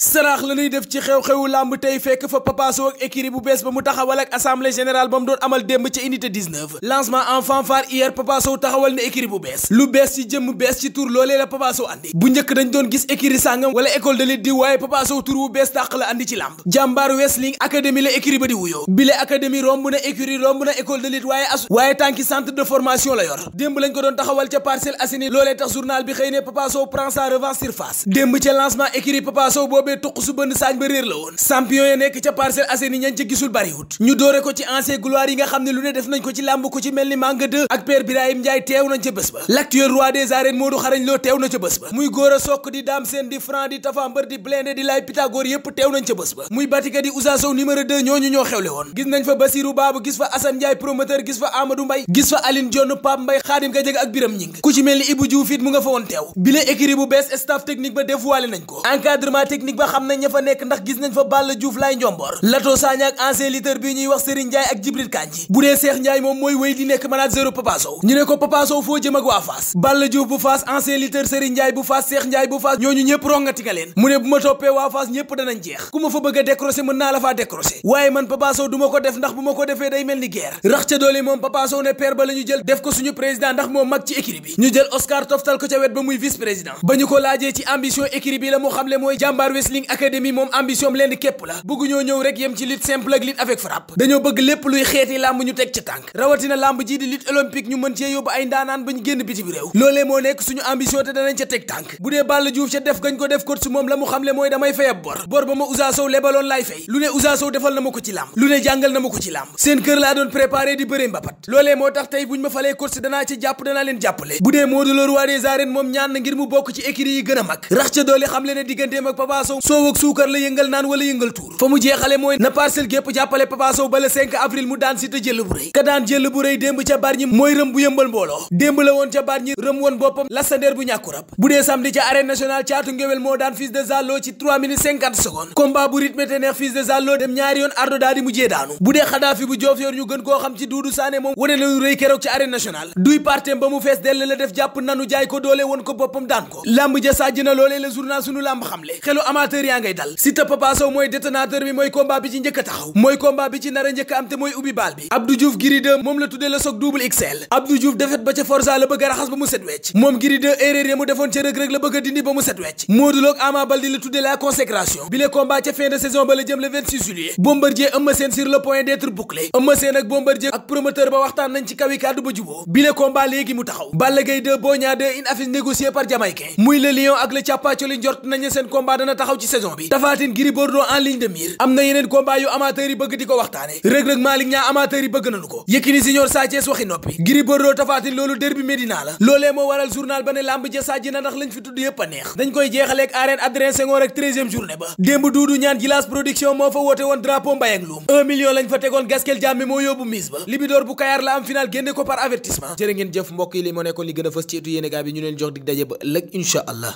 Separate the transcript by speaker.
Speaker 1: saraax la ñuy def ci xew-xewu làmb tey fekk fa Papa Sow ak écurie bu bees ba mu taxawal ak assemblée générale ba mu doon amal démb ci unité 19 lancement en fanfare hier Papa Sow taxawal na écurie bu bees lu bees ci jëmm bees ci tur loolee la Papa Sow bu njëkk dañ doon gis écurie sàngam wala école de lutte di waaye Papa Sow tur bu bees tàq la andi ci làmb jàmbaar wrestling académie la écurie ba di wuyoo bile académie romb na écurie romb na école de lutte waaye boobee su bënn saañ ba réer la woon champion ya nekk ca Parcelles Assainies ñan ca gisul bariwut ñu doore ko ci ancien gloire yi nga xam ne lu ne def nañ ko ci làmb ko ci mel ni Manga di daam di franc di tafa Pythagore yépp teew nañ ca bés ba muy batika di Ousa Sow numéro 2 ñooñu ñoo xewle woon gis nañ fa Basirou Babou gis fa Assane Ndiaye promoteur gis fa Amadou Mbaye gis fa Aline Dione Pape Mbaye Khadim Gadiag ak Biram Ñing ku ci mel ni Ibou Diouf ba xam ne ña fa nekk ndax gis nañ fa Balla Diouf lay njomboor Lato Sagna ak ancien bi ñuy wax Serigne Ndiaye ak Djibril Kanji bu dee Cheikh Ndiaye moom mooy wéy di nekk manager Papa ñu ne ko Papa foo jëm ak waa Fass Balla bu Fass ancien leader Serigne Ndiaye bu Fass Cheikh Ndiaye bu Fass ñooñu ñëpp rongati nga leen mu ne bu ma toppee waa Fass danañ jeex ku ma fa bëgg a mën naa la faa décrocher waaye man Papa Sow ko def ndax Wrestling loolee moo nekk suñu ambition te danañ ca teg tànk bu dee Balla Diouf ca def gañ ko def kot moom la mu xamle mooy damay fayab bor bor ba ma Ousa lebaloon laay fay lu ne Ousa defal na ma ko ci làmb lu ne jàngal na ma ko ci làmb seen kër laa doon préparé di bëre mbapat loolee moo tax tey buñ ma falee kot danaa ci jàpp danaa leen jàppale bu dee Modou Lo roi des arènes moom ñaan na ngir mu bokk ci écurie yi gën a mag rax ca doole xam le ne Sow soow ak suukar la yëngal naan wala yëngal tuur fa mu jeexale mooy na parcelle gépp jàppale Papa Sow avril mu daan Siteu jël bu rëy ka daan jël bu rëy démb ca Bargny mooy rëm bu yëmbal mbooloo démb la woon ca Bargny rëm woon boppam lastandeer bu ñàkku rab bu dee samedi ca arène nationale caatu ngéwél moo daan fils de Zallo ci 3 minutes 50 bu rythme neex fils de Zallo dem ñaari yoon ardo daal mujjee daanu bu dee xadaafi bu joof yor détonateur mooy détonateur bi mooy combat bi ci njëkk a taxaw mooy combat bi ci nar njëkk am te mooy ubbi baal bi Abdou Diouf moom la tuddee la soog double XL Abdou defet ba ca Forza la bëgg raxas ba mu set wecc moom Gris 2 ya mu defoon ca rëg-rëg la bëgg dindi ba mu set wecc Modou Lo Ama Baldé la tuddee la consécration bi le ca fin de saison ba la jëm le 26 juillet Bombardier Eumeu sur le point d'être bouclé le combat léegi ak le càppaacoli taxaw ci saison bi Tapha Tine Gris Bordeaux en ligne de mire am na yeneen combat yu amateurs yi bëgg di ko waxtaane rëg-rëg Malick Niang amateurs yi bëgg nañu ko Yékini Senior Sa waxi noppi Gris Bordeaux Tapha loolu derby Médina la loolee moo waral journal ba ne lamb ja sajji na ndax lañ fi tudd yépp a neex dañ koy jeexaleeg arène Adrien Senghor ak treizième journée ba démb duudu ñaan Jilas production moo fa woote woon drapeau mbay ak luum un la